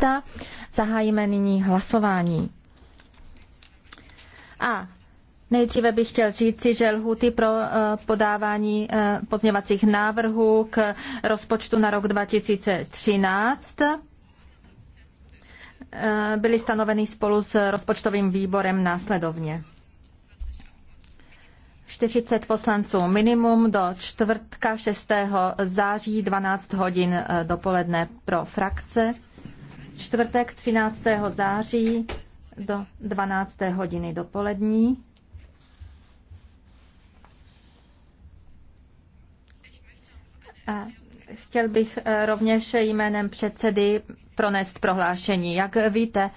místa. Zahájíme nyní hlasování. A Nejdříve bych chtěl říci, že lhuty pro eh, podávání eh, pozměvacích návrhů k rozpočtu na rok 2013 eh, byly stanoveny spolu s rozpočtovým výborem následovně. 40 poslanců minimum do čtvrtka 6. září 12 hodin dopoledne pro frakce čtvrtek 13. září do 12. hodiny dopolední. chtěl bych rovněž jménem předsedy pronést prohlášení. Jak víte,